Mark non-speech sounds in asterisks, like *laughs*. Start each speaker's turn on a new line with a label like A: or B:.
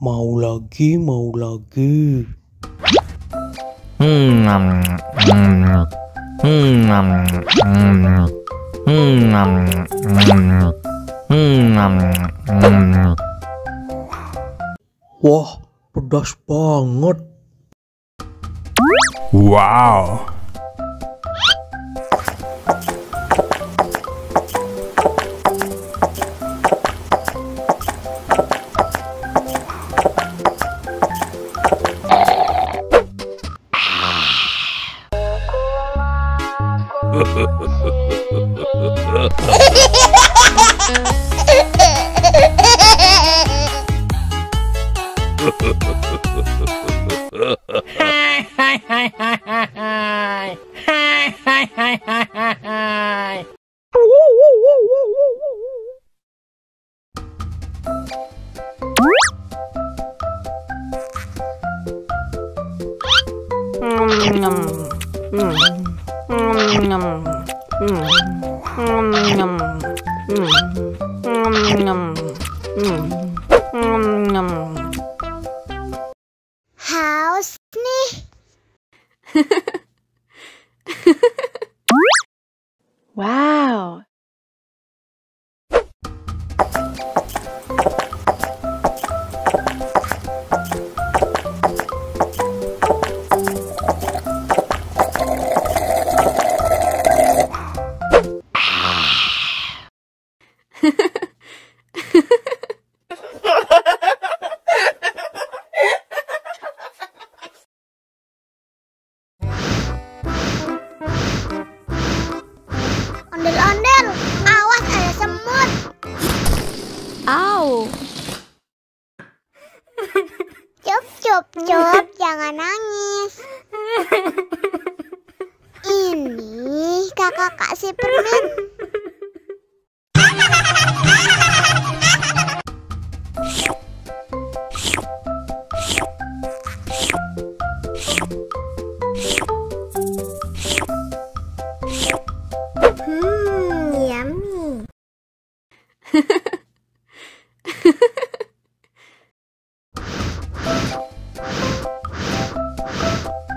A: màu là kia màu là kia Mm-hmm. Hmm. Wah, pedas banget. Wow. ha *laughs* hai hai hai hai hai hai hai hai hai hai hai hai Nom nom nom nom nom nom How sneak. *laughs* wow, Au. Cup, cup, cup, jangan nangis. Ini kakak kasih permen. Thank you.